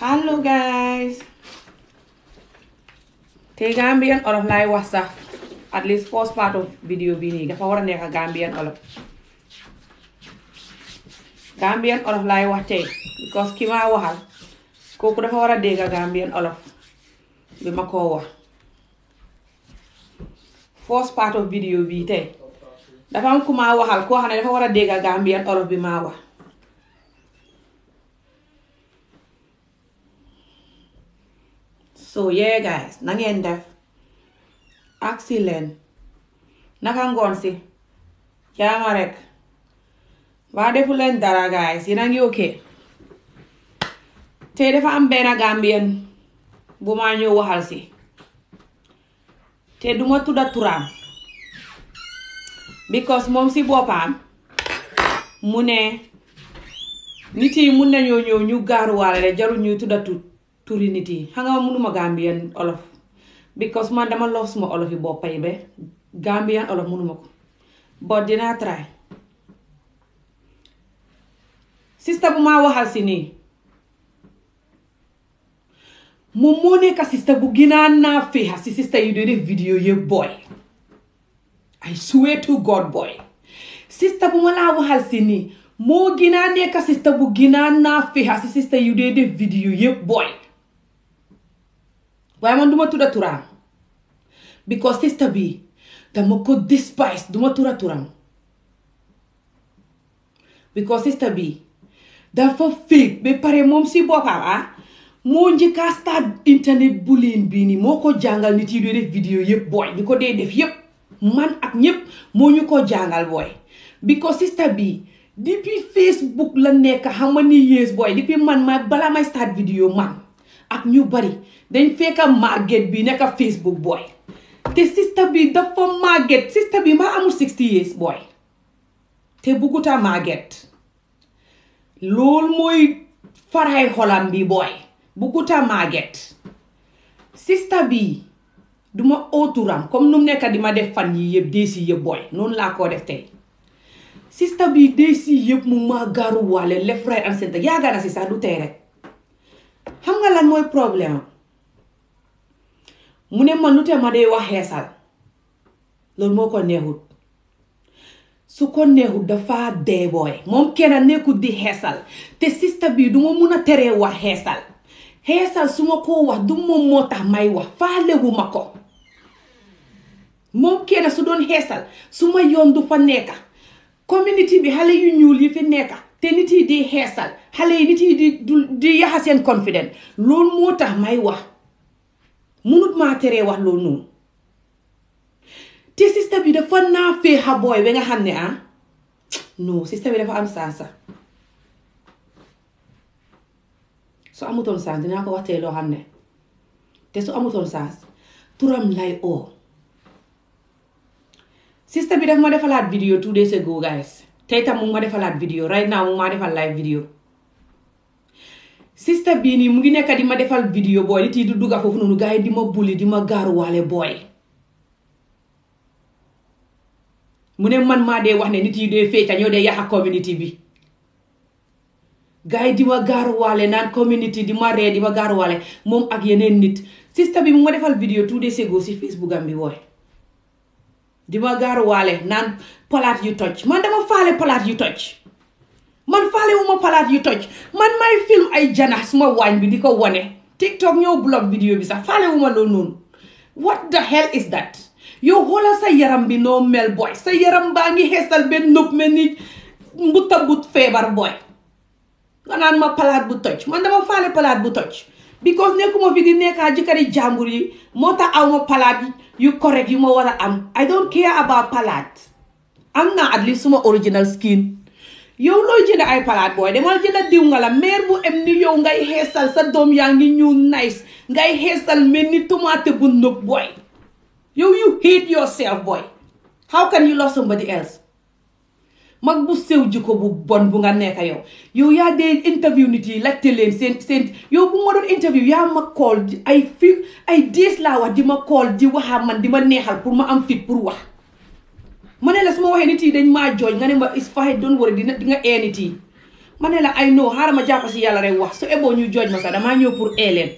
hello guys te Gambian olof laay wax sax at least first part of video bi nii dafa war a nekk Gambian olof Gambian olof laay wax tey because ki ma waxal kooku dafa war a dégg Gambian olof bi ma koo wax first part bii tey ku ma waxal koo ne dafa war a dégg Gambian olof bi ma wax so yeah guys na ngeen def ak si leen naka ngoon si jaama rek waa defu leen dara guys yéen a ngi te tey dafa am benn Gambien bu ma ñëw waxal si te duma tudda turam because moom si boppam mu ne nit yi mun nañoo ñëw ñu gaaruwaale de jarul ñuy tudda tut turi nit yi xam nga mënuma olof because man dama loof suma olof yi boppa yi be Gambian olof mënuma ko but dinaa try sista bu ma waxal si nii moo ginaa nekk sista bu ginaan naa féexa si sista yu dee def vidéo yëpp booy waaye man du ma tudda turam because sister bi dama ko despise du ma tudda turam because sister bi dafa fake ba pare moom si boppam ah moo njëkk a start internet bullying bii nii moo ko jàngal nit yi doy def vidéo yëpp booy ñu ko dee def yëpp man ak ñëpp moo ñu ko jàngal booy because sister bi depuis Facebook la nekk xam nga ni yées booy depuis man ma balaa may start vidéo man ak ñu bari dañ fekka màgget bi nekka Facebook booy te sista bi dafa màgget sista bi ma amul sixty years booy te bugguta màgget loolu mooy faray xolam bi booy bugguta màgget sista bi duma ooturam comme nu nekka di ma def fan yi yëpp dee yëpp booy noonu laa ko def tey sista bi dee si yëpp mu ma gaaruwaale left right and center yaaga na si sax du tey rek xam nga lan mooy problème mu ne man lu te ma dee wax xeesal loolu moo ko neexut su ko neexut dafa dee booy moom kenn nekkut di xeesal te sista bii du ma mun a teree wax xeesal xeesal su ma koo wax du moom moo tax may wax faalewu ma ko moom kenn su doon xeesal su ma yoon du fa nekka community bi xale yu ñuul yi fi nekka te nit yi di xeesal xale yi nit yi di di yaxa seen confident loolu moo tax may wax munut maa teree wax loo noonu te sista bi dafa naa féexa xabooy ba nga xam ne ah non sista bi dafa am soo su amutoon sans dinaa ko waxtee loo xam ne te su amutoon sans turam lay oo sista bi daf ma defalaat vidéo two days ago guys te itam mu ma defalaat vidéo right now mu ma defal live vidéo sista bii nii mu ngi nekk di ma defal vidéo booy nit yi di dugga foofu noonu gars yi di ma bulli di ma gaaruwaale booy mu ne man maa dee wax ne nit yi dee feeca ñoo dee yàq community bi gars yi di ma gaaruwaale naan community di ma ree di ma gaaruwaale moom ak yeneen nit sista bi mu ma defal vidéo tout de sego si Facebook am bi wooy di ma gaaruwaale naan palaat yu toj man dama faale palaat yu toj man faale wu ma palaat yu toj man may film ay janax suma waañ bi di ko wane TikTok ñëw blog vidéo bi sax faale wu ma loolu noonu what the hell is that yow xoolal sa yaram bi noo mel booy sa yaram baa ngi xeesal benn nëb mel ni mbutta but feebar booy nga naan ma palaat bu toj man dama faale palaat bu toj because nekkuma fi di nekkaa jëkkëri jàmbur yi moo tax aw ma palaat yu correct yu ma war a am I don't care about palaat am naa at least suma original skin yow looy jënd ay palaat booy demal jënd diw nga la mère bu em ni yow ngay xeesal sa doom yaa ngi ñuul nice ngay xeesal mel ni tomate bu nëb booy yow you hate yourself booy how can you love somebody else mag bu sew jikko bu bon bu nga nekk yow yow yaa dee interview nit yi laajte leen seen seen yow bu ma doon interview yaa ma call ay fi ay diis laa wax di ma call di waxaa man di ma neexal pour ma am fit pour wax ma ne la su ma waxee nit yi dañ maa jooj nga ne ma is faxe doon wari dina di nga ee nit yi ma ne la ay no xaaral ma jàpp si yàlla rek wax su eboo ñu jooj ma sax damaa ñëw pour ee leen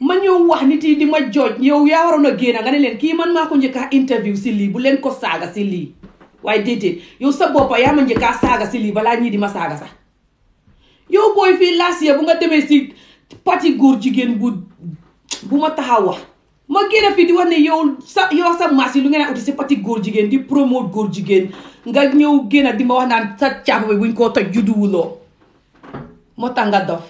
ma ñëw wax nit yi di ma jooj yow yaa waroon a génn nga ne leen kii man maa ko njëkkaa interview si lii bu leen ko saaga si lii waaye déedéet yow sa boppa yaa ma njëkkaa saaga si lii balaa ñii di ma saaga sax yow booy fii last year bu nga demee si pati góor jigéen bu ma taxaw wax ma génn fii di wax ne yow sa yow sa maas yi lu ngeen a uti si pati góor jigéen di promote góor jigéen nga ñëw génn di ma wax naan sa caapa bi buñ koo toj judduwuloo moo tax nga dof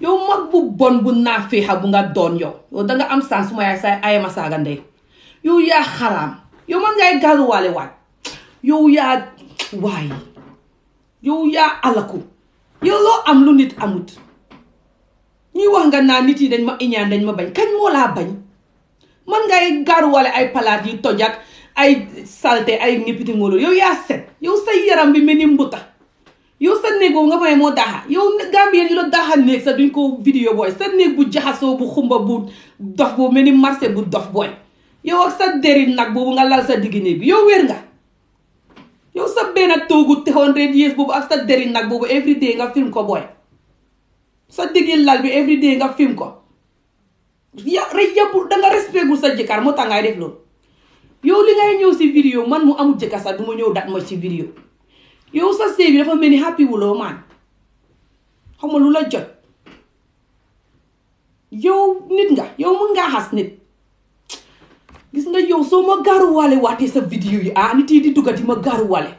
yow mag bu bon bu naa féexa bu nga doon yow yow danga am sens suma yaay sa ayama saaga ndey yow yaa xaraam yow man ngay gaaluwaale waat yow yaa waay yow yaa alaku yow loo am lu nit amut ñuy wax nga naa nit yi dañ ma iñaan dañ ma bañ kañ moo laa bañ man ngay garuwale ay palaat yu toj ay salte ay nippiti ngóolu yow yaa set yow sa yaram bi mel ni mbuta yow sa néegoo nga may moo daaxa yow gambien yi la daaxa néeg sa duñ ko vidéo booy sa néeg bu jaxasoo bu xumba bu dof boobu mel ni marché bu dof booy yow sa deri nag boobu nga lal sa digg néeg bi yow wér nga yow sa benn toogu hundred years boobu ak sa deri nag boobu every day nga film ko booy sa diggi lal bi everyday nga film ko ya rek yëpp danga respectgul sa jëkkër moo tax ngay def loolu yow li ngay ñëw si vidéo man mu amul jëkkër sax du ma ñëw dat ma ci vidéo yow sa sëy bi dafa mel ni happy wuloo maan xam nga lu la jot yow nit nga yow mun ngaa xas nit gis nga yow soo ma gaaruwaale waatee sa vidéo yi ah nit yi di duggati ma gaaruwaale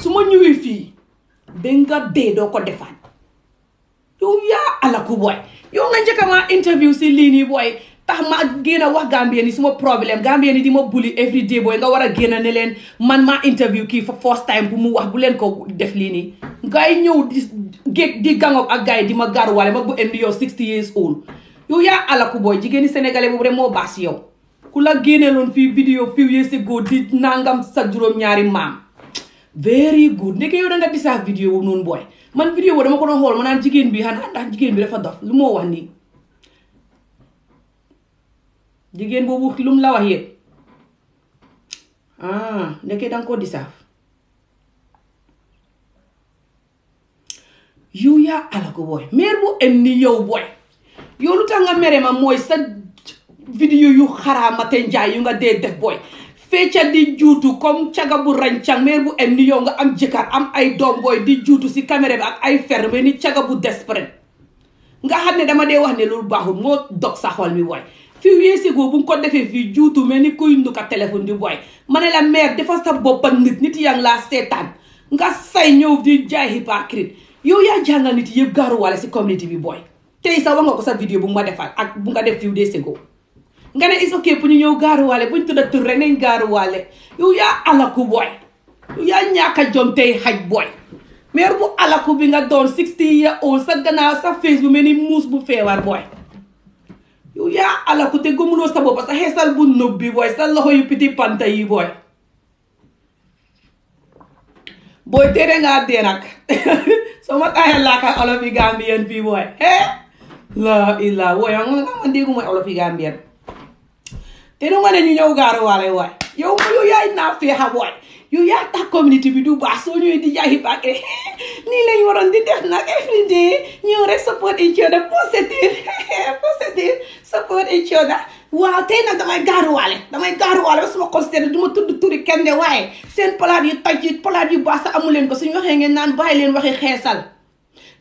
su ma ñëwee fii ba nga dee doo ko defaat yow yaa alaku booy yow na njëkk ma interview si lii nii booy tax ma génn a wax Gambien yi suma problème Gambien yi di ma bully every day booy nga war a génn ne leen man maa interview kii fa time bu mu wax bu leen ko def lii nii. gars yi ñëw di gé di gàngoo ak gars di ma garuwaale ma bu indi yow 60 years old yow yaa alaku booy jigéeni sénégalais boobu rek moo baax si yow. ku la génneeloon fii vidéo few years ago di nangam sa juróom-ñaari maam. very good ndeke yow da disaaf vidéo boobu noonu booy man vidéo boobu dama ko doon ma naan jigéen bi xanaa ndax jigéen bi dafa dof lu moo wax nii jigéen boobu lu mu la wax yëpp ah ndeke danga ko disaaf yow yaa alago booy meer bu em ni yow booy yow lu tax mere ma mooy sa vidéo yu xaraama te njaay yu nga dee def booy fecca di juutu comme caga bu rancang meer bu em ni yow nga am jëkkër am ay doom booy di juutu si caméra bi ak ay ferme ni caga bu despre nga xam ne dama dee wax ne loolu baaxul moo dog sa xol mi booy fii weesigo bu nga ko defee fii juutu mel ni kuy nduka téléphone di booy ma ne la meer dafa sa bopp ak nit nit yaa ngi laa seetaan nga say ñëw di jaay hypocrite yow yaa jàngal nit yëpp gaaruwaale si community bi booy tey sax wax nga ko sa vidéo bu ma defal ak bu nga def fii weesigo nga ne is ok ñu ñëw gaaruwaale bu ñu tudda tur rek nañ gaaruwaale yow yaa alaku booy yow yaa ñàkk jom tey xaj booy meer bu alaku bi nga doon sixty year old sa gannaaw sa face bu mel ni muus bu feebar booy yow yaa alaku te gëmuloo sa bopp sa xeesal bu nub bi booy sa loxo yu piti panta yi booy booy tere ngaa dee nag soo ma taaya laaka olof yi gambien fii booy eh la illa wooy nga man dégguma olof yi gambien te du nga ne ñu ñëw gaaruwaale yow yow yaay naa fee xam waay yow yaa tax communauté bi du baax soo ñëwee di jaay bàq nii lañ waroon di def nag every day ñëw rek support each other positive positive support each other waaw tey nag damay gaaruwaale damay gaaruwaale ba suma considéré du ma tudd kenn de waaye seen palaat yu taj yi palaat yu baax sax amu leen ko suñu waxee ngeen naan bàyyi leen waxi xeesal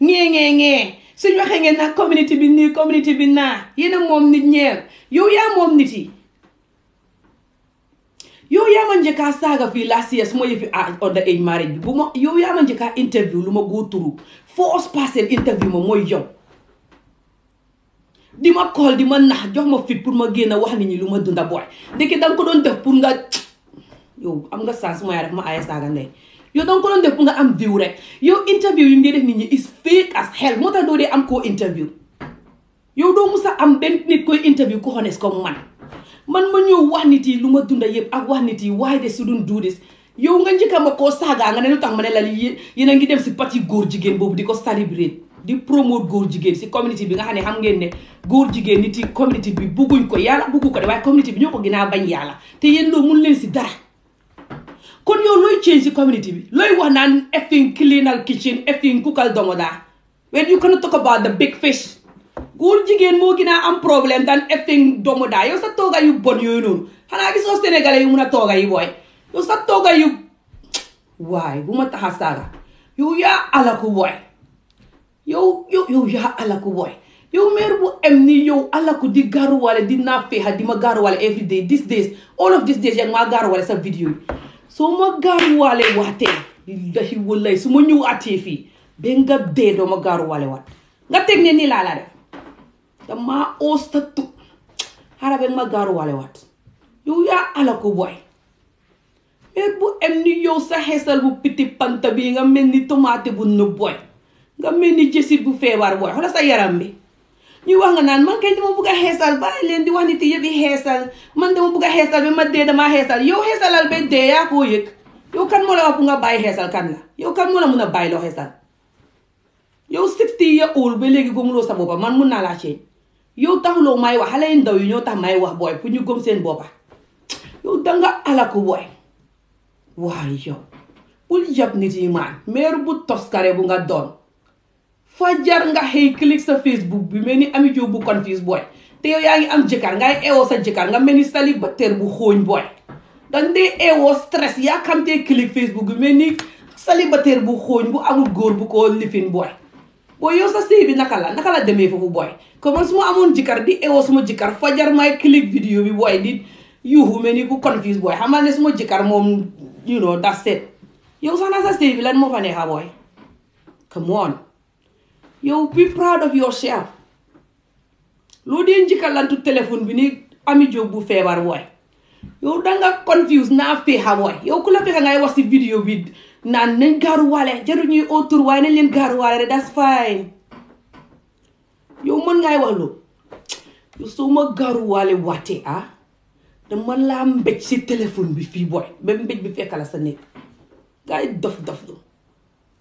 ngee ngee ngee suñu waxee ngeen naan communauté bi nii communauté bi naa yéen nit ñeer yow yaa moom yi. yow yaa ma njëkk a saaga fii last year su ma yëfi under ah, age marriage bi bu ma yow yaa ma njëkk interview lu ma góor turu force passé interview ma mooy yow di ma kool di ma nax jox ma fit pour ma génn wax ni ñi lu ma dunda booy ndeke danga ko doon def pour nga yow am nga sens mooy rek ma aye saaga ndey yow danga ko doon def pour nga am view rek yow interview yi ngay def ni ñi is fake as hell moo tax doo dee am koo interview yow doo musa am benn nit koy interview ku man man ma ñëw wax nit yi lu ma dunda yëpp ak wax nit yi waaye de su dun yow nga njëkka ma koo saaga nga ne lu tax ma ne la yéen a ngi dem si parti góor jigéen boobu di ko célébrer di promote góor jigéen si community bi nga xam ne xam ngeen ne góor jigéen nit i community bi bugguñ ko yàlla buggu ko de waaye community bi ñoo ko ginaa bañ yàlla te yéen loo mun leen si dara kon yow looy change si community bi looy wax naan effing cleanal kitchen effing cookal domoda when you cannot talk about the big fish góor jigéen moo gën a am problème daan effet doomu daa yow sa tooga yu bon yooyu noonu xanaa gisoo sénégalais yu mun a tooga yi booy yow sa tooga yu waaye bu ma taxa saaga yow yaa alaku booy yow yow yow yaa alaku booy yow meer bu em ni yow alaku di gaaruwale di naa feexa di ma gaaruwale every day these days all of these days yaa ngi maa gaaruwale sa vidéo yi soo ma gaaruwale waatee lillahi wallahi su ma ñëw atee fii ba nga dee doo ma gaaruwale nga teg ne nii laa la def damaa ostattu harabe ma gaaruwaale waat yow yaa ala ko booy mais bu em ni yow sa xeesal bu piti panta bii nga mel ni tomate bu nëb booy nga mel ni jësit bu feebar booy xoolal sa yaram bi ñuy wax nga naan man kay dama bugg a xeesal leen di wax nit yëpp yi xeesal man dama bugg a xeesal ma dee damaa xeesal yow xeesalal ba dee yaa koo yëg yow kan moo wax bu nga bàyyi xeesal kan la yow kan moo la mun a bàyyi loo xeesal yow sixty year old ba léegi gomuloo sa man mun naa yow taxuloo may wax xale ndaw yi ñoo tax may wax booy pour ñu gëm seen boppa yow danga alaku booy waaye yow bul yab nit yi maan meer bu toskare bu nga doon fajar nga xëy click sa facebook bi mel ni ami bu confuse booy te yow yaa ngi am jëkkër ngay eewoo sa jëkkër nga mel ni célibataire bu xooñ booy danga dee eewoo stress yaa xam te click facebook bi mel ni célibataire bu xooñ bu amul góor bu ko lifin booy booy yow sa sëy bi naka la naka la demee foofu booy ko man su ma amoon jëkkër di ewoo suma jëkkër fajar may click vidéo bi booy di yuuxu mel ni ku confuse booy xamal ne suma jëkkër moom you know yow sax na sa sëy bi lan moo fa neexa booy come on yow be proud of yourself loo dee njëkkalantu téléphone bi ni Ami Jobe bu feebar booy yow danga confuse naa feexa booy yow ku la fexe ngay wax si vidéo bi naan nañ gaaruwaale jarul ñuy autour waaye nañ leen gaaruwaale rek that's fine yow mën ngay wax loolu yow soo ma gaaruwaale waatee ah dama laa mbéj si téléphone bi fii booy ba mbéj bi fekk la sa nekk gars dof dof do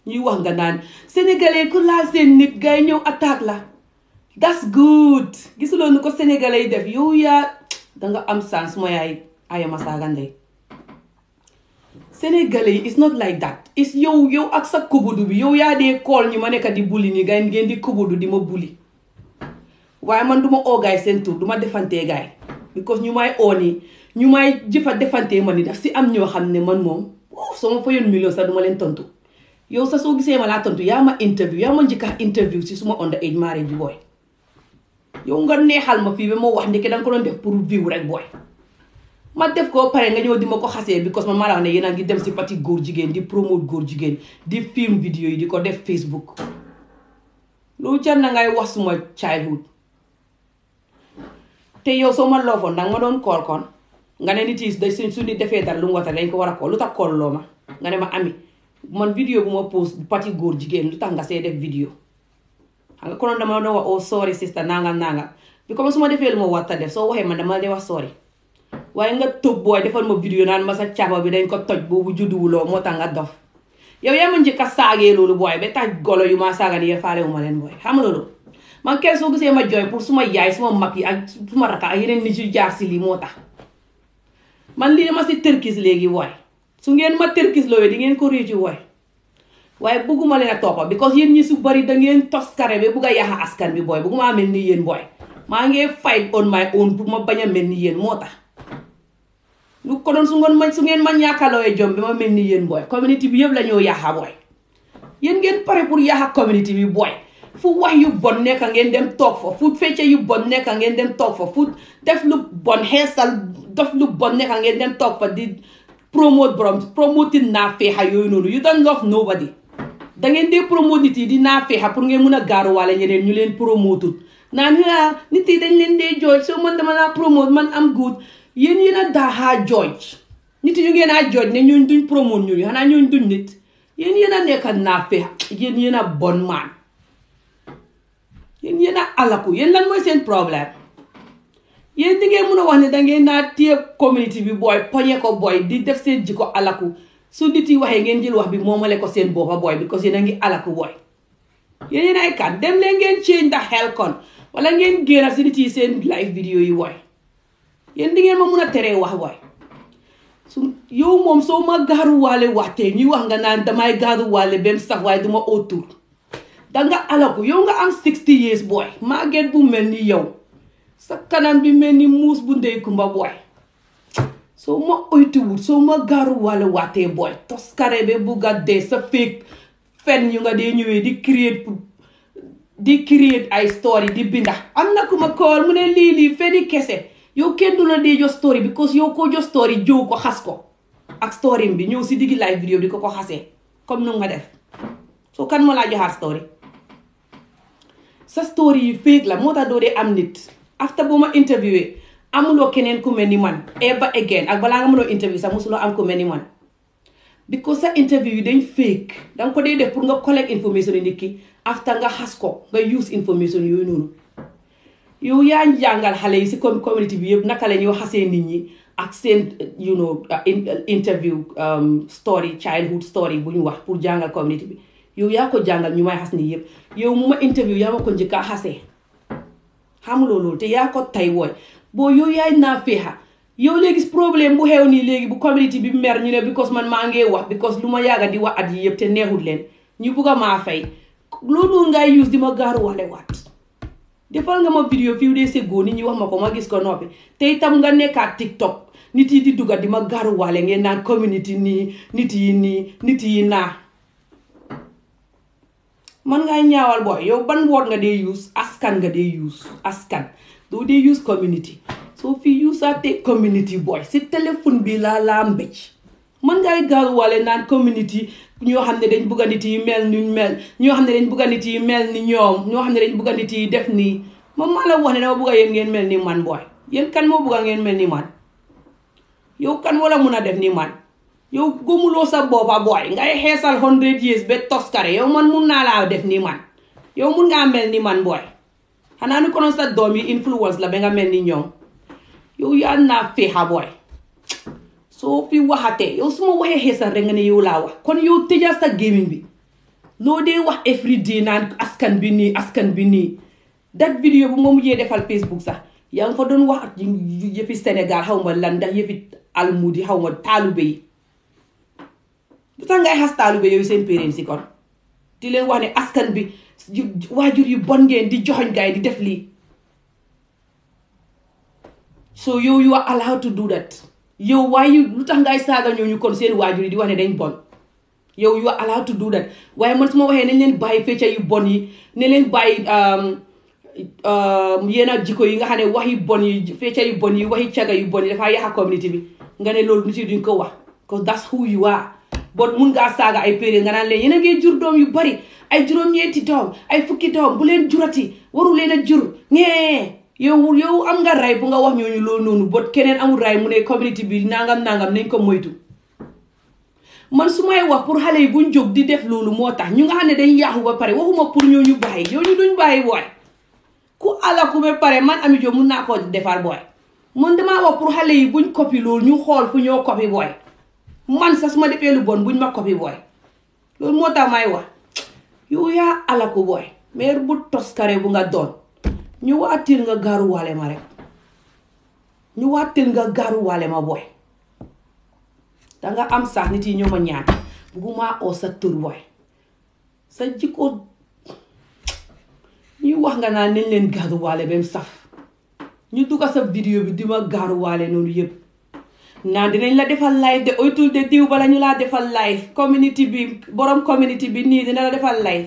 ñuy wax nga naan sénégalais ku laa seen nit gars ñëw attaque la that's good gisuloo nu ko sénégalais yi def yow yaa danga am sens mooy ay ayama saaga ndey sénégalais yi it's not like that it's yow yow ak sa kubudu bi yow yaa dee kool ñi ma nekk di bulli nii gay ngeen di kubudu di ma bulli waaye man du ma oo gaay seen tur du ma defantee gaay because ñu may oo yi ñu may jëfa defantee ma ni daf si am ñoo xam ne man moom soo ma fayoon million sax du ma leen tontu yow sax soo gisee ma laa tontu yaa ma interview yaa ma njëkka interview si suma under age marriage bi booy yow nga neexal ma fii ba moo wax ndeke danga ko doon def pour vivre rek booy ma def koo pare nga ñëw di ma ko xasee because man maa la ne yéen a ngi dem si pati góor jigéen di promote góor jigéen di film vidéo yi di ko def Facebook lu jar na ngay wax suma childhood te yow soo ma loofoon nag ma doon kool kon nga ne nit yi suñ suñu defee dara lu mu wata dañ ko war a lu tax kool loo ma nga ne ma ami man vidéo bu ma post pati góor jigéen lu tax nga see def vidéo xam nga konoon dama doon wax oh sorry sister nanga nanga bi comme ma defee lu ma war def soo waxee man dama lay wax sorry waaye nga tëb booy defal ma vidéo naan ma sa caba bi dañ ko toj boobu judduwuloo moo tax nga dof yow yaa ma ka a saagee loolu booy ba tax golo yu ma saaga nii faale wu ma leen booy xam loolu ma jooy pour suma yaay suma mag yi ak suma raka ak yeneen nit yu jaar si lii moo tax man lii dama si tërkis léegi booy su ngeen ma tërkis looyee di ngeen ko réccu booy waaye bëgguma leen a toppa because yéen ñi su bari da ngeen toskare ba bugg a yàq askan bi booy bëgguma mel ni yéen maa ngi fight on my own pour ma bañ a mel ni yéen moo tax lu ko doon su ngeen mañ su ngeen mañ yàkkalooyee jom bi ma mel ni yéen booy community bi yëpp la ñoo yaa yàqa booy yéen ngeen pare pour yàqa community bi booy fu wax yu bon nekka ngeen dem toog fa fu fecce yu bon nekka ngeen dem toog fa fu def lu bon xeesal def lu bon nekka ngeen dem toog fa di promote borom promoting naa feexa yooyu noonu you don't love nobody da ngeen dee promote nit yi di naa feexa pour ngeen mun a wala ñeneen ñu leen promote na naan ah, nit yi dañ leen dee jooy soo man dama laa promote man am good yéen yéen a daaxaa jooj nit ñu ngeen a jooj ne ñu duñ promote ñu xanaa nit yéen yéen a nekk naa fe yéen yéen a bon maan yéen yéen a alaku yéen lan mooy seen problème yéen di ngeen mun a wax ne dangeen naa téye community bi booy poñe ko booy di def seen ko alaku su nit yi waxee ngeen jël wax bi moomale ko seen boppa booy bi because yéen a ngi alaku booy yéen yéen ay kat dem leen ngeen change the hell kon wala ngeen génn si nit yi seen live vidéo yi booy yéen di ngeen ma mun a teree wax waay su yow moom soo ma gaaruwaale wax tey wax nga naan damay gaaruwaale benn sax waaye duma autour danga alaku yow nga am 60 years booy màgget bu mel ni yow sa kanam bi mel ni muus bu ndey kumba booy soo ma oytuwul soo ma gaaruwaale waatee booy toskare be bugg a dee sa féeg fen yu nga dee ñëwee di create di ay story di binda am na ku ma mu ne lii lii feni kese yow kenn du la dee jox story bi cause yow koo jox story jëw ko xas ko ak story bi ñëw si diggi live vidéo bi ko ko xasee comme nu nga def soo kan moo laa joxaat story sa story yi fake la moo tax doo dee am nit after boo ma interviewé amuloo keneen ku ni man ever again ak balaa nga mënoo interview sax mosuloo am ku mel ni man because sa interview yi dañ fake danga ko dee def pour nga collect information yi nit ki after nga xas ko nga use information yooyu noonu yow yaa ngi jàngal xale yi si community bi yëpp naka la ñuy xasee nit ñi ak seen you know uh, uh, interview um, story childhood story bu ñu wax pour jàngal community bi yow yaa ko jàngal ñu may xas ni yëpp yow mu ma interview yaa ma ko njëkk a xasee xamuloo loolu te yaa ko tay wooy boo yow yaay naa féexa yow léegi problème bu xew nii léegi bu community bi mer ñu ne because man maa ngee wax because lu ma yàgga di wax at yi yëpp te neexul leen ñi bugg maa fay loolu di ma gaaruwale waat defal nga ma vidéo fii de segoo ni ñi wax ma ko ma gis ko noppi te itam nga nekkaat TikTok nit yi di dugga di ma garuwaale ngeen naan community nii nit yi nii nit yi naa man nga ñaawal booy yow ban woot nga dee use askan nga dee use askan doo dee use community soo fi use ate community booy si téléphone bi laa laa mbéj mën ngay garuwale naan community ñoo xam ne dañ bugg a yi mel ni mel ñoo xam ne yi mel ni ñoom ñoo xam ne dañ bugg a yi def nii moom maa la wax ne dama bugg a yéen ngeen mel ni man booy yéen kan moo bugg a ngeen mel ni man yow kan wala mun a def ni man yow gëmuloo sa boppa booy ngay xeesal hundred years ba toskare yow man mun naa laa def ni man yow mun ngaa mel ni man booy xanaa ni konoon sa doom yi influence la ba nga mel ni ñoom yow yaa naa féexa booy soo fi waxatee yow su ma waxee xeesal rek nga ne yow laa wax kon yow tëjal sa gémmiñ bi noo dee wax everyday naan askan bi nii askan bi nii dat vidéo bu ma mujjee defal Facebook sax yaa ngi fa doon wax yëfi Sénégal xaw ma lan ndax yëfi almudi xaw ma taalube yi lu tax ngay xas taalube yooyu seen péréen si kon di leen wax ne askan bi waajur yu bon ngeen di joxoñ gaay di def lii soo yow you are allowed that yow why lu tax ngay saaga ñooñu kon seen waajur yi di wax ne dañ bon yow you are allowed to waaye man su ma waxee nañ leen bàyyi fecca yu bon yi ne leen bàyyi um, um, yenn jikko yi nga xam ne wax yu bon yi fecca yu bon yi waxi caga yu bon yi dafaa yàq community bi nga ne loolu nit yi duñ wax because that's who you are bon mun ngaa saaga ay péré nga naan yéen a ngi jur doom yu bari ay juróom-ñeenti doom ay fukki doom bu leen jurati waru leen a jur ñee yow wul yow am nga ray bu nga wax ñooñu loolu noonu bot keneen amul ray mu ne community bi nangam nangam nañ ko moytu man su may wax pour xale yi buñ jóg di def loolu moo tax ñu nga xam ne dañ yaaxu ba pare waxuma pour ñooñu bàyyi ñooñu duñ bàyyi booy ku alaku ba pare man Amie Jobe mun naa koo defar booy man damaa wax xale yi buñ copie ñu xool fu ñoo copie booy man sax su ma defee lu bon buñ ma copie booy loolu moo tax may wax yow yaa alaku booy meer bu toskare bu nga doon ñu waatil nga gaaruwaale ma rek ñu waatil nga gaaruwaale ma booy danga am sax nit yi ñoo ma ñaan bugguma oo sa tur booy sa jikko ñuy wax nga naa nañ leen gaaruwaale ba sax saf ñu dugga sa vidéo bi di ma gaaruwaale noonu yëpp naan dinañ la defal lay de oytul de diw bala ñu laa defal live community bi borom community bi nii dina la defal lay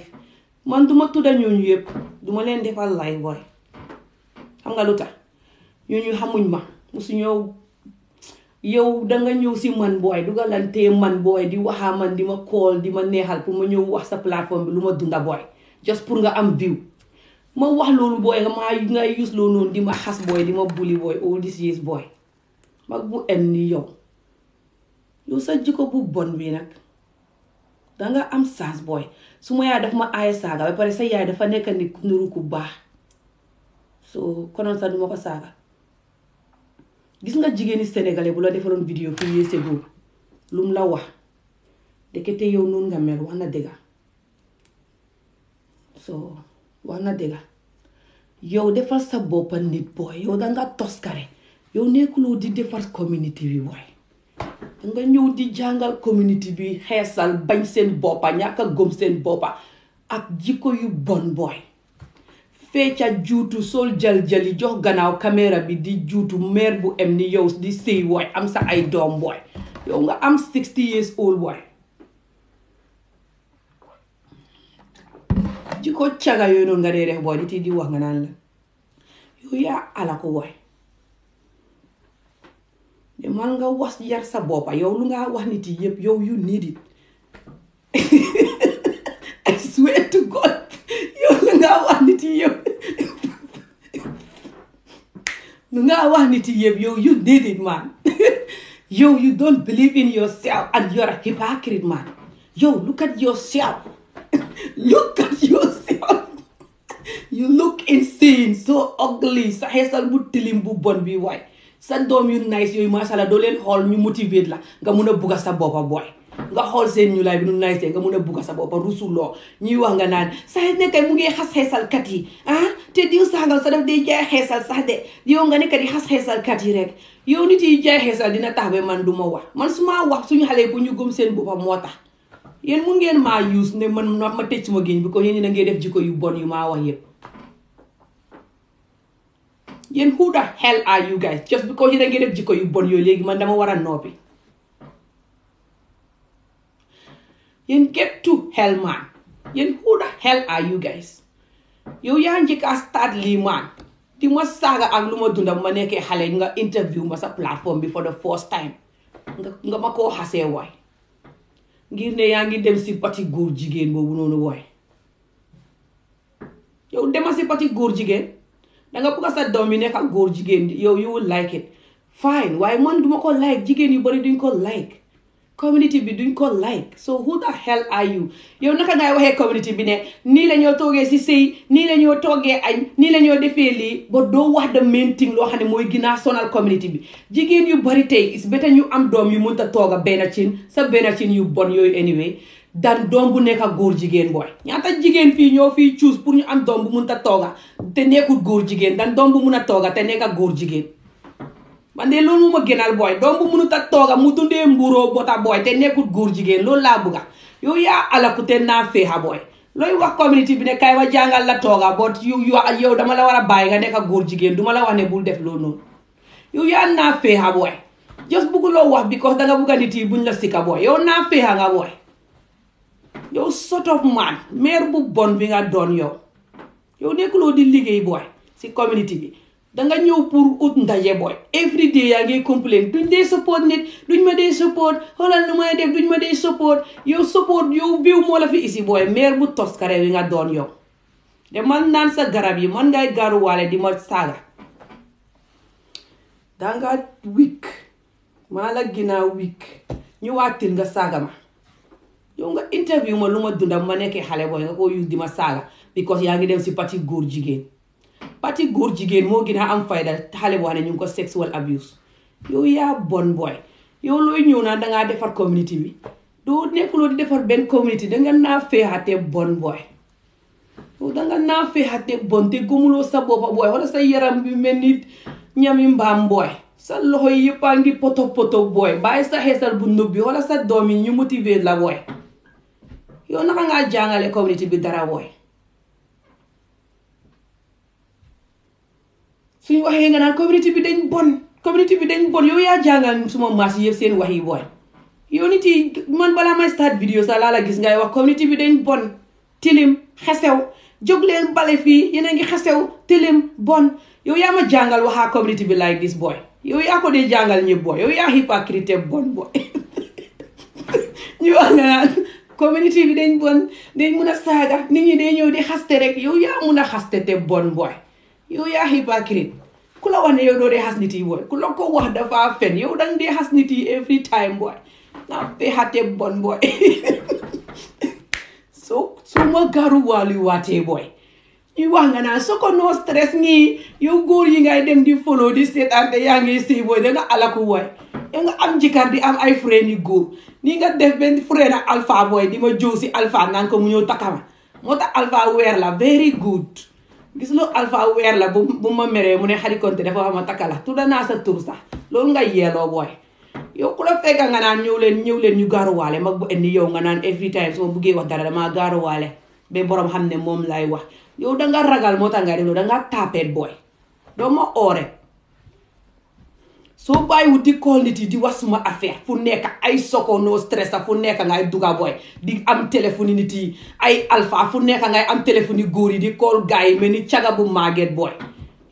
man duma tudda ñooñu yëpp duma leen defal lay booy xam nga lu tax ñooñu xamuñ ma musu ñoo yow danga ñëw si man booy du dugalantee man booy di waxaa man di ma kool di ma neexal ku ma ñëw wax sa plateforme bi lu ma dunda booy just pour nga am view ma wax loolu booy nga maa nga use loolu noonu di ma xas booy di ma buli booy all these years booy mag bu en ni yow yow sa jikko bu bon bi nag danga am chance booy su ma yaay daf ma aaya saaga ba pare sa yaay dafa nekk nit nuru ku baax so konoon sa duma ko saaga gis nga jigéeni sénégalais bu la defaloon vidéo pour yéese góor lu mu la wax ndekete yow noonu nga mel wax na dëgg so wax na dëgg yow defal sa boppa nit booy yow danga toskare yow nekkuloo di defar community bi booy danga ñëw di jàngal community bi xeesal bañ seen boppa ñàkk a gëm seen boppa ak jikko yu bon booy ca juutu sol jaljali jox gannaaw caméra bi di juutu meer bu em ni yow di sëy booy am sa ay doom booy yow nga am sixty years old booy ji ko caga yooyu noonu nga dee def booy nit yi di wax nga naan la yow yaa ala ko booy demal nga was yar sa boppa yow lu nga wax nit yi yëpp yow you need it lu nga wax nit yi yëpp yow you did it man yow you don't believe in yourself and you're a hypocrite man yow look at yourself look at yourself you look insane so ugly sa xeesal bu tilim bu bon bi waay sa doom yu nice yooyu macha allah doo leen xool ñu motivate la nga mun a bugga sa boppa booy nga xool seen ñu laay bi nu see nga mun a bugg sa boppa rusuloo ñuy wax nga naan sax nekkay mu ngi xas xeesalkat yi ah te diw sangal sa daf day jaay sax de yow nga nekk di xas xeesalkat yi rek yow nit yi jaay xeesal dina tax ba man du ma wax man su ma wax suñu xale bu ñu gom seen boppa moo tax yéen mu ngeen maa yuus ne man ma tëj suma géñ bi ko yéen na ngeen def jikko yu bon yu maa wax yëpp yéen who the hell are you just because yéen a ngeen def jikko yu bon yooyu léegi man dama war a noppi yéen get to hell man yéen who the hell are you guys yow yaa njëkk a start lii maan di ma saaga ak lu ma dunda ma nekkee xale nga interview ma sa plateforme bi for the first time nga nga ma koo xasee waay ngir ne yaa ngi dem si pati góor jigéen boobu noonu waay yow dema si pati góor jigéen danga bëgg sa doom yi nekk ak góor jigéen yow you will like it fine waaye man duma ko like jigéen yu bari duñ ko like community bi duñ ko like so who the hell are you yow naka ngay waxee community bi ne nii la ñoo toogee si sëy nii la ñoo toogee añ nii la ñoo defee lii ba doo wax the main thing loo xam ne mooy ginaa sonal community bi jigéen yu bari tey is beta ñu am doom yu mun ta toog a benn cin sa benn cin yu bon yooyu anyway dan doom bu nekk ak góor jigéen booy ñaata jigéen fii ñoo fii choose pour ñu am doom bu mun ta tooga te nekkul góor jigéen dan doom bu mun a tooga te nekk ak góor jigéen man de loolu mu ma gënal booy doom bu mënut a tooga mu dundee mbuuroo bota booy te nekkul góor jigéen loolu laa bëgga yow yaa alaku te naa féexa booy looy wax community bi ne kay jàngal la tooga boot yow dama la war a bàyyi nga nekk góor jigéen duma la wax ne bul def loolu noonu yow yaa naa a booy jos bëgguloo wax because danga bëgga nit yi buñ la sikka booy yow naa féexa nga booy yow sotof maan maire bu bon bi nga doon yow yow di liggéey booy si community bi danga ñëw pour ut ndaje booy every day yaa ngi complain duñ dee support nit duñ ma dee support xoolal nu may def duñ ma dee support yow support yow biw moo la fi isi booy maire bu toskare wi nga doon yow de man naan sa garab yi man ngay garuwaale di ma saaga danga wik maa la ginnaaw wik ñu wàttil nga saaga ma yow nga interview ma lu ma dunda ma nekkee xale booy nga ko use di ma saaga because yaa ngi dem si pati góor jigéen parti góor jigéen moo ginaa a am fayda xale boo xam ne ñu ko sexual abuse yow yaa bon boy yow looy ñëw naa dangaa defar community bi doo nekkuloo di benn community danga naa feexate bon boy yow danga naa feexate bon te gëmuloo sa boppa booy wala sa yaram bi mel ni ñami mbaam booy sa loxo yi ngi poto poto booy bàyyi sa xeesal bu nub bi wala sa doom yi ñu motiver la booy yow naka ngaa jàngale community bi dara booy suñu waxee nga naan communauté bi dañ bon communauté bi dañ bon yow yaa jàngal suma maas seen wax yi booy yow nit yi man balaa may start vidéo la gis ngay wax communauté bi dañ bon tilim xesew jóg leen bale fii yéen a ngi xesew tilim bon yow yaa ma jàngal waxaa communauté bi like gis booy yow yaa ko dee jàngal ñëpp booy yow yaa hypocrite bon booy ñu wax nga naan bi dañ bon dañ mun a saaga nit ñi day ñëw di xaste rek yow yaa mun a xaste te bon booy yow yaa hypocrite ku la wax ne yow doo dee xas nit yi booy ku la ko wax dafa fen yow danga dee xas nit yi every time booy naa feexatee bon booy so su ma garu waalu waatee booy ñuy wax nga naan soo ko noo stress ngi yow góor yi ngay dem di follow di seetaan te yaa ngi sëy booy danga alaku booy yow nga am jëkkër di am ay friend yu góor nii nga def benn friend ak booy di ma jow si alpha naan ko mu ñëw takkama moo tax alpha weer la very good gis lu alpha weer la bu bu ma meree mu ne Xadi Konte dafa wax ma takka la tudda naa sa tur sa loolu nga yeeloo booy yow ku la fekka nga naan ñëw leen ñëw leen ñu gaaruwaale mag bu enni yow nga naan every time su ma buggee wax dara damaa gaaruwaale ba boroom xam ne moom lay wax yow danga ragal moo tax nga def loolu danga taapeet booy doo ma oo soo bàyyiwul di call nit yi di wax suma affaire fu nekk ay soko no stress fu nekk ay duga booy di am téléphone nit yi ay alpha fu nga ngay am téléphone góor yi di call gars yi mel ni caga màgget booy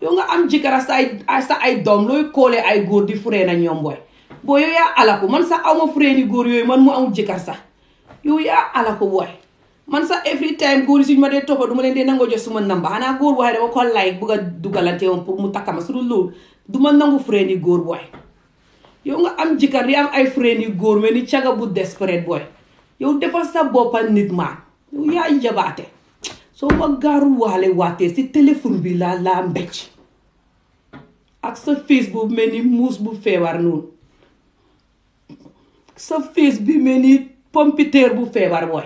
yow nga am jëkkër sa ay sa ay doom looy koolee ay góor di furee na ñoom booy booy yow man sax aw ma furee ni góor yooyu man mu amul jëkkër sax yow yaa alaku booy man sax every time góor yi suñu ma dee toppa du ma leen dee nangoo jox suma namba xanaa góor boo xam ne dama ko like bëgg a dugalante woon pour mu takkama su dul loolu duma nangu friend yi góor booy yow nga am jëkkër bi am ay friend góor mel ni caga bu desperate booy yow defal sa boppa nit maan yow yaay jabaate soo ma gaaru waale waatee si téléphone bi laa laa mbécc ak sa face bu mel ni muus bu feebar noonu sa fiis bi mel ni pompiteer bu feebar booy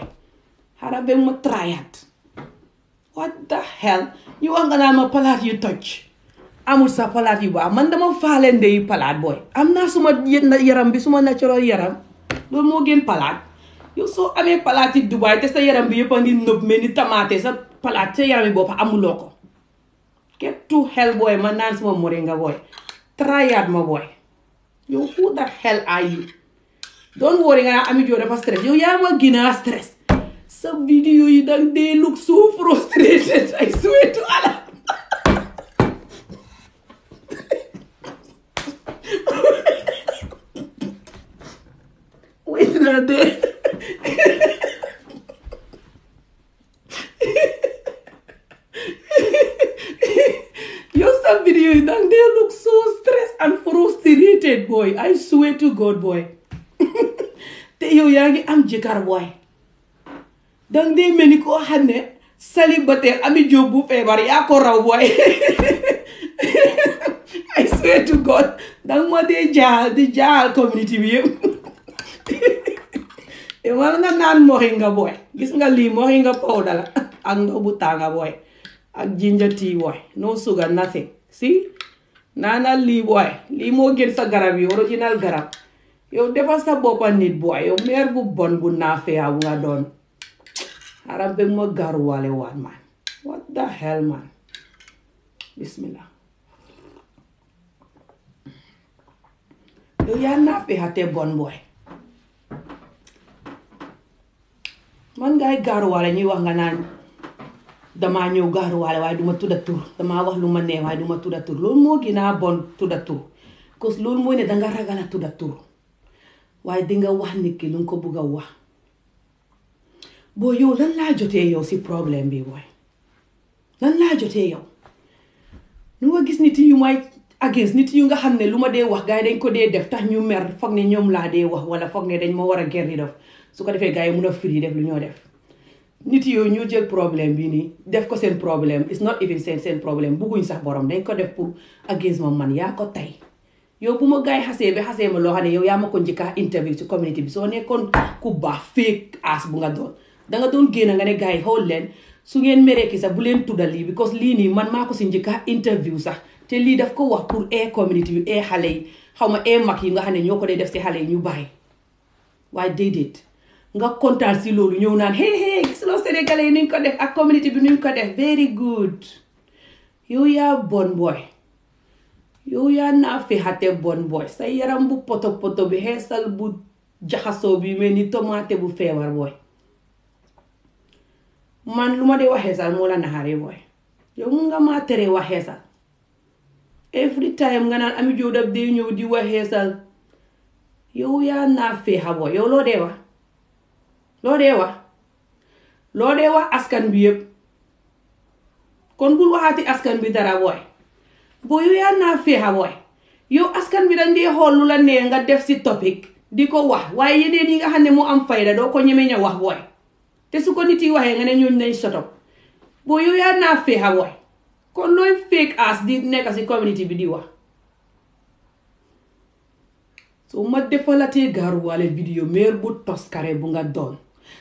xara ba ma trayaat what the hell ñu wax nga naan ma palaat yu toj amul sa palaat yu baax man dama faale palaat booy am naa suma yaram bi suma natural yaram loolu moo gën palaat yow soo amee palaat yi Dubaay te sa yaram bi yëpp a ngi nëb ni tamaate sa palaat sa yaram bi bopp amuloo ko get to hell booy man naan suma moringa booy trayaat ma booy yow who the hell are you don't worry nga naa Amie Jobe dafa stress yow yaa ma gën stress sa vidéo yi dang dee look so frustrated I swear to Allah Espérate. Yourself video you done, they look so stressed and frustrated, boy. I swear to God, boy. te yow yaa ngi am jëkkër boy. dang dee mel ni koo xam ne Ami Jóob bu feebar yaa raw boy. I swear to God dang ma dee jaal di jaal community bi te war nga naan moringa booy gis nga lii moringa powder la ak ndox bu tànga booy ak ginger tea booy no sugar nothing si naanal lii booy lii moo gën sa garab yi original garab yow defal sa boppa nit booy yow meer bu bon bu naafeyaa bu nga doon xaram bëgg ma garuwaale waat man what the hell man bismillah yow yaa naafeexate bon booy man ngay gaaruwaale ñuy wax nga naan damaa ñëw gaaruwaale waaye du ma tudda tur damaa wax luma ma nee waaye du ma tudda tur loolu moo gën a bon tudda tur cause loolu mooy ne danga ragal a tudda tur waaye dinga wax nit ki lu ko bugg a wax boo yow lan laa jotee yow si problème bi booy lan laa jotee yow nu nga gis niti yu may against nit yu nga xam ne lu ma dee wax gars yi dañ ko dee def tax ñu mer foog ni ñoom laa dee wax wala foog ne dañ ma war a ger di def su ko defee gars yi mun a firi def lu ñoo def nit yooyu ñu jël problème bi nii def ko seen problème it's not even seen seen problème bugguñ sax borom dañ ko def pour against moom man yaa ko tey yow bu ma gaay yi xasee be xasee ma loo xam ne yow yaa ma ko njëkkaa interview ci community bi soo nekkoon ku baax fake as bu nga doon danga doon génn yi xool leen su ngeen meree ki bu leen tuddal lii because lii nii man maa ko si njëkkaa interview sax te lii daf ko wax pour e bi e xale yi xaw ma e mag yi nga xam ne ñoo ko dee def si xale yi ñu bàyyi waaye déedéet nga kontaan si loolu ñëw naan hey hey gis loo sénégalais nuñ ko def ak communauté bi nuñ ko def very good yow yaa bon boy yow yaa naa fi xate bon yaram bu poto bi xeesal bu jaxasoo bi mel ni tomate bu feebar boy man lu ma dee wax xeesal moo yow mun nga maa teree wax xeesal every time nga naan am Jobe Daf dee ñëw di wax xeesal yow yaa naa feexa boy yow loo dee wax loo dee wax loo dee wax askan bi yëpp kon bul waxaati askan bi dara booy boo yow naa féexa booy yow askan bi dañ dee xool lu la nee nga def si topic di ko wax waaye yeneen yi nga xam ne mu am fayda doo ko ñeme ña wax booy te su ko nit yi waxee nga ne ñooñ nañ sotop boo yow naa féexa booy kon looy fake as di nekk si community bi di wax soo ma defalatee gaaruwaale vidéo meer bu toskare bu nga doon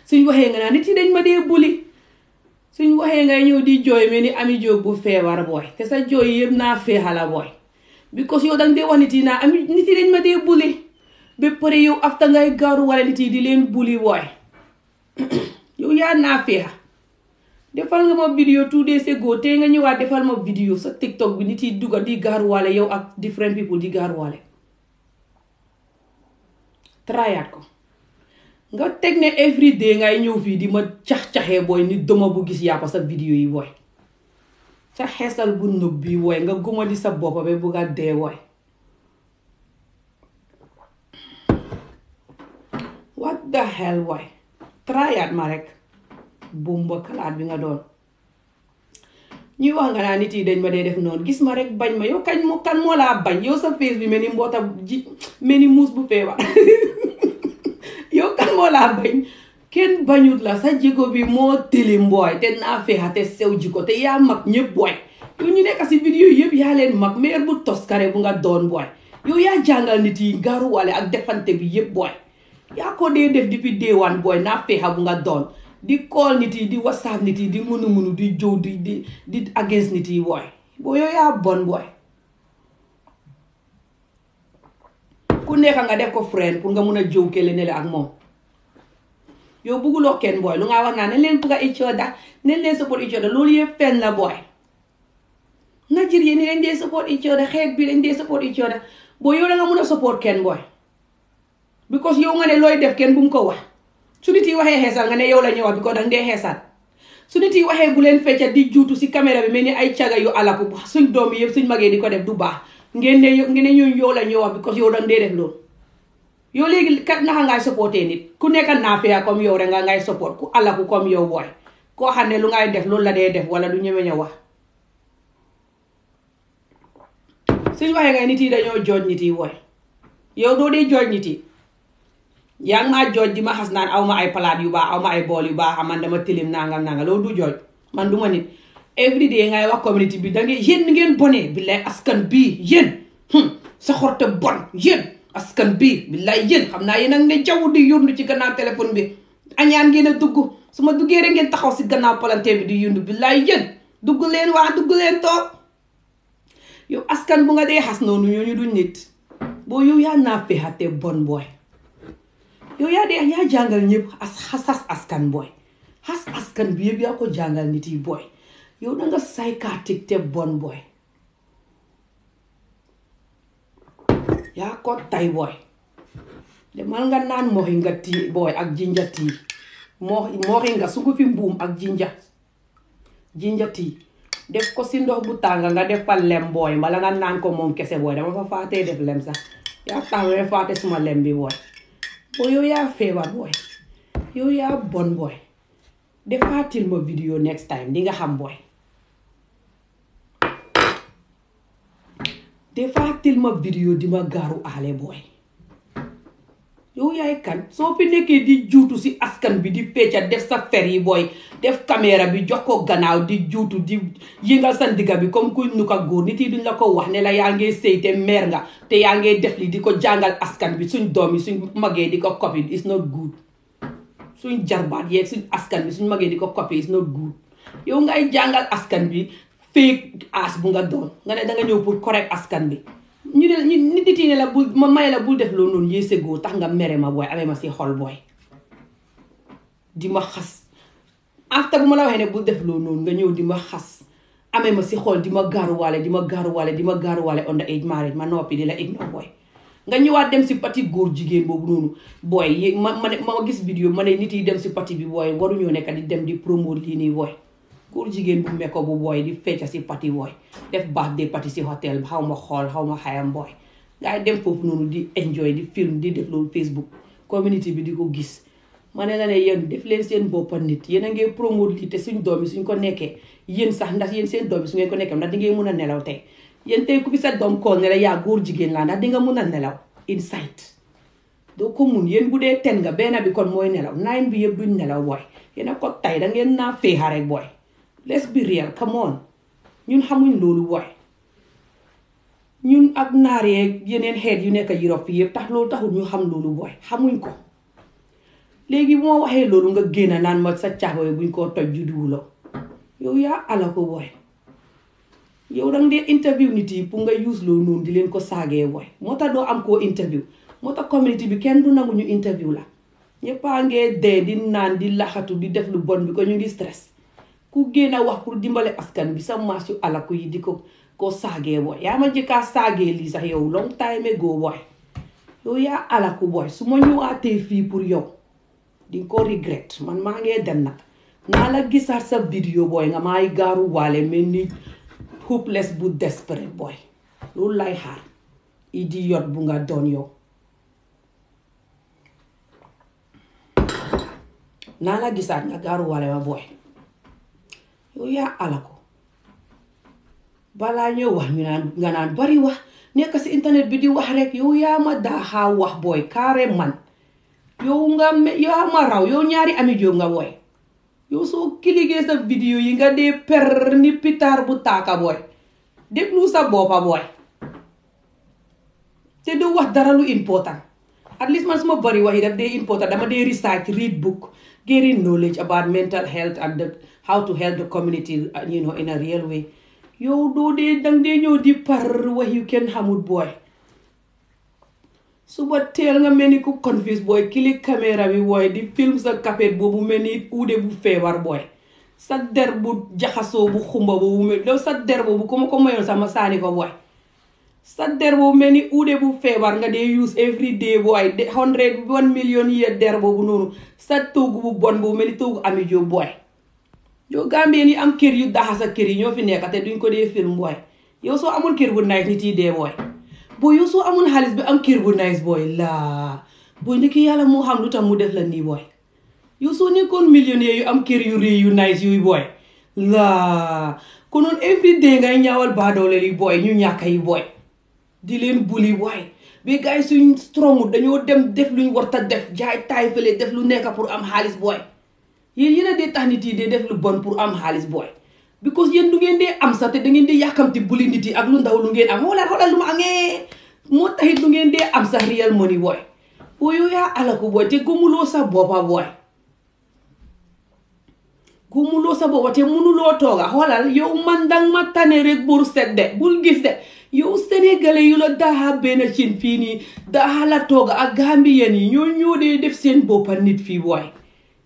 suñ waxee nga naan nit yi dañ ma dee buli suñ waxee ngay ñëw di jooy mel ni ami jóob bu feebar booy te sa jooy yëpp naa féexala booy because yow danga dee wax nit yi naa ma dee buli ba pare yow afta ngay gaaru wala nit yi di leen buli booy yow yaa naa féexa defal nga ma vidéo two days ago tey nga ñëwaat defal ma vidéo sa tiktok bi nit yi dugga di gaaruwaale yow ak different people di gaaruwaale trayaat ko nga teg ne everyday ngay ñëw fii di ma cax-caxee booy nit dama bu gis yàppa sa vidéo yi booy sa xeesal bu nub bi wooy nga guma di sa boppa ba bugg a dee wooy what the hell wooy trayaat ma rek bumba kalaat bi nga doon ñuy wax nga naa nit yi dañ ma dee def noonu gis ma rek bañ ma yow kañ mo kan moo laa bañ yow sa face bi mel ni mboota ji mel ni bu feebar jéego laa bañ kenn bañut la sa jéego bi moo tilim booy te naa feexa te sew jiko te yaa mag ñëpp booy yow ñu nekk si vidéo yëpp yaa leen mag meer bu toskare bu nga doon booy yow yaa jàngal nit yi garuwale ak defante bi yëpp booy yaa ko dee def depuis day one booy naa feexa bu nga doon di call nit yi di whatsapp nit yi di munu munu di jow di di against nit yi booy boo yow yaa bon booy ku nekk nga def ko friend pour nga mun a jow kele ne la ak moom yow bugguloo kenn booy lu ngaa wax naa ne leen bugg a iccooda ne leen support iccooda loolu yëpp fenn la booy Nigerian yi dañ dee support iccooda xeet bi dañ dee support iccooda booy yow da nga mun a support kenn booy because yow nga ne looy def kenn bu mu ko wax su nit yi waxee xeesal nga ne yow la ñuy wax because danga dee xeesal su nit yi waxee bu leen fecca di juutu si caméra bi mel ni ay caga yu alaku suñ doom yi yëpp suñ magee di ko def du baax ngeen ne ngeen ne ñooñu yow la ñuy wax because yow danga dee def loolu yow léegi kat naka ngay supporté nit ku nekka naafiya comme yow rek nga ngay support ku alaku comme yow booy koo xam ne lu ngay def loolu la dee def wala du ñeme ña wax suñ waxee ngay nit yi dañoo jooj nit yi booy yow doo dee jooj nit yi yaa ngi maa jooj di ma xas naan aw ma ay palaat yu baax aw ma ay bool yu baax ah man dama tilim nangam nangam loolu du jooj man du ma nit every day ngay wax community bi dangay ngeen ngeen bonee bi askan bii yéen hmm, sa xorte askan bi billaay yéen xam naa yéen a ne jaww di yóndu ci gannaaw téléphone bi añaan ngeen a dugg su ma duggee rek ngeen taxaw si gannaaw palanteer bi di yóndu billaay yéen dugg leen waa dugg leen toog yow askan bu nga dee xas noonu ñooñu duñ nit boo yow yaa naa fexate bon booy yow yaa dee yaa jàngal ñëpp as xas askan booy xas askan bi yëpp yaa ko jàngal nit yi booy yow da nga psychiatrique te bon booy yaa ko tay booy demal nga naan moringa tii booy ak jinja tii moringa sungufi mbuum ak jinja jinja tii def ko si ndox bu tànga nga def fa lem booy mbala nga naan ko moom kese booy dama fa faatee def lem sax yaa taxawee faate suma lem bi booy booy yow yaa feebar booy yow yaa bon booy defaatil ma vidéo next time di nga xam booy des fois tellement di ma gaaru aale booy yow yaay kan soo fi nekkee di juutu ci askan bi di fecca def sa fer yi booy def caméra bi jox ko gannaaw di juutu di yëngal sa ndigga bi comme kuy nu ka góor nit yi duñ la ko wax ne la yaa ngee sëy te meer nga te yaa ngee def li di ko jàngal askan bi suñ doom yi suñ magee di ko copy is not good suñ jarbaat yeeg suñ askan bi suñ magee di ko copy is not good yow ngay jàngal askan bi fake as bu nga doon nga ne da nga ñëw pour correct askan bi ñu ne nit nit ne la bul ma may la bul def loo noonu yéesegoo tax nga mere ma booy amee ma si xol booy di ma xas after bu ma la waxee ne bul def loo noonu nga ñëw di ma xas amee ma si xol di ma gaaruwaale di ma gaaruwaale di ma gaaruwaale under age marriage ma noppi di la ignore booy nga ñëwaat dem si pati góor jigéen boobu noonu booy ma ma ma gis vidéo ma ne nit yi dem si pati bi booy waruñoo nekk di dem di promouvoir lii nii booy góor jigéen bu meko bu booy di fecca si pati booy def baax de pati si hôtel bi xaw ma xool xaw ma xayam booy ngay dem foofu noonu di enjoy di film di def loolu Facebook community bi di ko gis ma ne la ne yéen def leen seen boppa nit yéen a ngee promote lii suñ doom yi suñ ko nekkee yéen sax ndax yéen seen su ngeen ko nekkee ndax di ngeen mun a nelaw tey yéen tey ku fi sa doom kool ne yaa góor jigéen laa ndax di nga mun a nelaw insight doo ko mun yéen bu dee ten nga benn bi kon mooy nelaw nine bi yëpp buñ nelaw booy yéen a ko tay da naa féexa rek booy let's be real come on ñun xamuñ loolu woy ñun ak naar yeeg yeneen xeet yu nekk Europe yëpp tax loolu taxul ñu xam loolu woy xamuñ ko léegi moo waxee loolu nga génn naan ma sa caaboy buñ koo toj ju diwuloo yow yaa ala ko woy yow danga dee interview nit yi pour nga use loo noonu di leen ko saagee woy moo tax doo am koo interview moo tax community bi kenn du nangu ñu interview la ñëpp ngee dee di naan di laxatu di def lu bon bi ko ñu ngi stress ku génn wax pour dimbale askan bi sa maasu alaku yi di ko ko saagee booy yaa ma jëkkaa saagee lii sax yow long time ago booy yow yaa alaku booy su ma ñëwaatee fii pour yow di ko regret man maa ngee dem nag naa la gisaat sa vidéo booy nga maay gaaru waale ni hopeless bu desperate booy loolu lay xaar idiot bu nga doon yow naa la gisaat nga gaaru ma booy yow yaa ala balaa ñoo wax nga naan bari wax nekk si internet bi di wax rek yow yaa ma daaxaa wax booy kaare man yow nga me yaa ma raw yow nga booy yow soo kiligee sa vidéo yi nga dee per ni pitaar bu taaka booy déglu sa boppa booy te du wax dara lu important at least man suma bari wax yi daf dee important dama dee research read book getting knowledge about mental health and the, how to help the community, uh, you know, in a real way. yow doo dee dang dee ñëw di par wax yu kenn xamut booy suba teel nga mel ni ku confuse booy kili caméra bi booy di film sa kapet boobu mel ni uude bu feebar booy sa der bu jaxasoo bu xumba boobu mel ni sa der boobu ku ko mayoon sama saani ko booy sa der boobu mel ni uude bu feebar nga dee use every day bu ay hundred one million year der boobu noonu sa togg bu bon boobu mel ni togg ami joo booy yow gambee ni am kër yu daxa sa kër yi ñoo fi nekk te duñ ko dee film booy yow soo amul kër bu nice nit yi dee booy booy yow soo amul xaalis bi am kër bu nice booy laa booy ndekki yàlla moo xam lu tax mu def la nii booy yow soo nekkoon millionnaire yu am kër yu rëy yu nice yuy booy laa konoon every day ñu ñàkk yi booy di leen buli waaye bi gars yi suñ strong dañoo dem def luñ war ta def jaay taay fële def lu nekk pour am xaalis booy yéen yéen a dee tax nit yi dee def lu bon pour am xaalis booy because yéen du ngeen dee am sa te da ngeen dee yàkkamti buli nit ak lu ndaw lu ngeen am xoolal xoolal lu mu amee moo taxit du ngeen dee am sax real money booy boo sa boppa sa boppa te mënuloo tooga xoolal yow man dang ma tane rek bur set bul gis de yow sénégalais yu la daha benn cin fii nii daha la toog ak gambien yi ñoo ñoo dee def seen boppa nit fii waay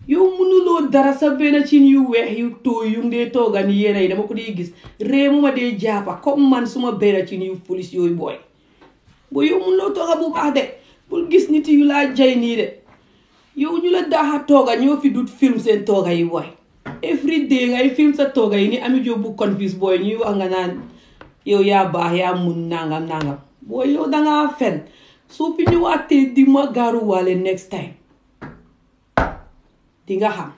yow mënuloo dara sa benn cin yu weex yu tooy yu dee tooga ni yi dama ko dee gis ree mu ma dee jàppa comme man suma benn cin yu police yooyu booy boo yow mënuloo tooga bu baax de bul gis nit yu laa jay nii de yow ñu la daha tooga ñoo fi dut film seen tooga yi waay every day ngay film sa tooga yi ni ami job bu confuse booy ñuy wax yow yaa baax yaa mun nangam nangam booy yow dangaa fen soo fi ñëwaatee di ma gaaruwaale next time di nga xam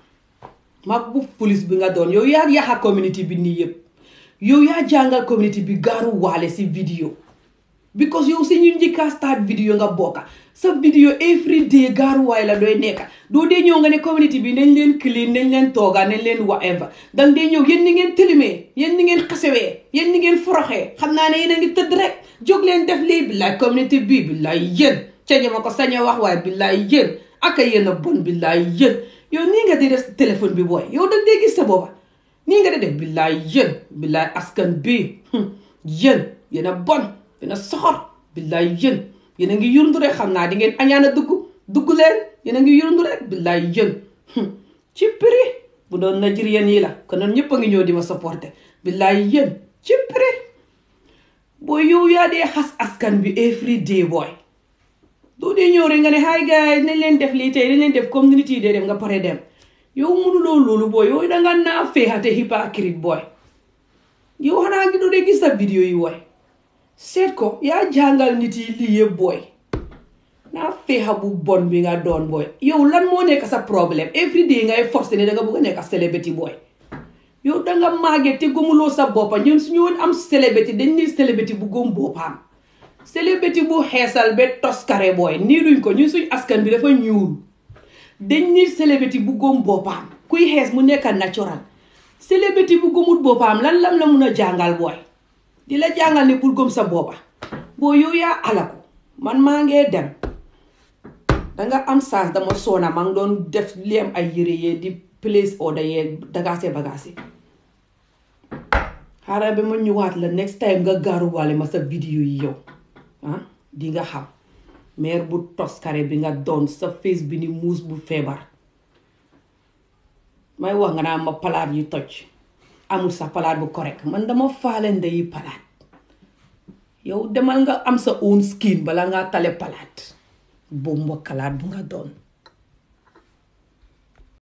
ma bu police bi nga doon yow ya yaxal community bi nii yëpp yow yaa jàngal community bi gaaruwaale si vidéo because yow si ñu njëkka start video nga bokka sa video every day gaaruwaay la doy nekka doo dee ñëw nga ne community bi nañ leen clean nañ leen tooga wa leen whatever dang dee ñëw yéen ni ngeen tëlimee yéen ni ngeen xasewee yéen ni ngeen foroxee xam naa ne yéen a ngi tëdd rek jóg leen def lii billaay community bi billaay yéen ca ñama ko saña wax waaye billaay yéen aka yéen a bon billaay yéen yow nii nga di def téléphone bi booy yow dang dee gis sa booba nii nga di def billaay yéen billaay askan bi hmm, yéen yéen dina soxor billaay yéen yéen a ngi yurundu rek xam naa di ngeen añaana dugg dugg leen yéen a ngi yurundu rek billaay yéen ci prix bu doon Nigérian yi la kon noonu ñëpp a ngi ñëw di ma supporter billaay yéen ci prix yow yaa dee xas askan bi every day boy doo dee ñëw rek nga ne hi guys nañ leen def lii tey nañ leen def comme nit yi dee dem nga pare dem yow mënuloo loolu booy yow da nga naa feexate hypocrite booy yow xanaa gi doo dee gis sa vidéo yi woy seet ko yaa jàngal nit yi lii yëpp booy naa feexa bu bon bi nga doon booy yow lan moo nekk sa problème every day ngay forcé ne da nga bëgg a nekk célébrité booy yow da nga màggee te gëmuloo sa boppa ñun suñu woon am célébrité dañ ne célébrité bu gëm boppaam célébrité bu xeesal ba toskare booy nii duñ ko ñun suñ askan bi dafa ñuul dañ ni bu gëm boppaam kuy xees mu nekk naturel célébrité bu gëmul boppaam lan lam la mun a jàngal booy li la jàngal ne bul gëm sa booba boo yow yaa alaku man maa ngee dem danga am chance dama soona maa ngi doon def leem ay yére yee di place order yee dagaase bagaase xaaral bi ma ñëwaat la next time nga gaaruwaale ma sa vidéo yi yow ah di nga xam meer bu toskare bi nga doon sa face bi ni muus bu feebar may wax nga naa ma palaat yi toj amul sa palaat bu correct man dama faale ndeyi palaat yow demal nga am sa own skin bala ngaa tale palaat bu mbokkalaat bu nga doon